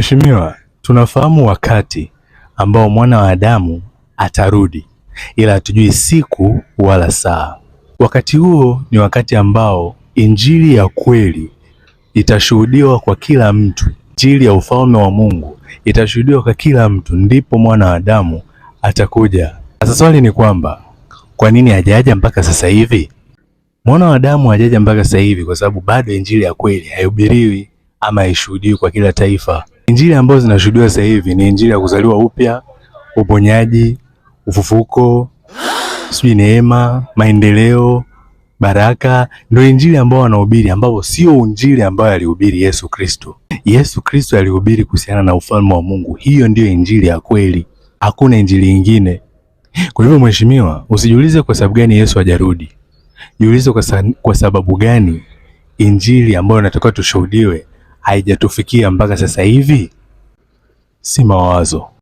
Mheshimiwa, tunafahamu wakati ambao mwana wa Adamu atarudi, ila hatujui siku wala saa. Wakati huo ni wakati ambao injili ya kweli itashuhudiwa kwa kila mtu, injili ya ufalme wa Mungu itashuhudiwa kwa kila mtu, ndipo mwana wa Adamu atakuja. Sasa swali ni kwamba kwa nini hajaja mpaka sasa hivi? Mwana wa Adamu hajaja mpaka sasa hivi kwa sababu bado injili ya kweli haihubiriwi ama haishuhudiwi kwa kila taifa. Injili ambazo zinashuhudiwa sasa hivi ni injili ya kuzaliwa upya, uponyaji, ufufuko, sijui neema, maendeleo, baraka. Ndio injili ambayo wanahubiri, ambapo sio injili ambayo alihubiri Yesu Kristo. Yesu Kristo alihubiri kuhusiana na ufalme wa Mungu. Hiyo ndiyo injili ya kweli, hakuna injili nyingine. Kwa hivyo, mheshimiwa, usijiulize kwa sababu gani Yesu hajarudi, jiulize kwa sababu gani injili ambayo inatakiwa tushuhudiwe haijatufikia mpaka sasa hivi, si mawazo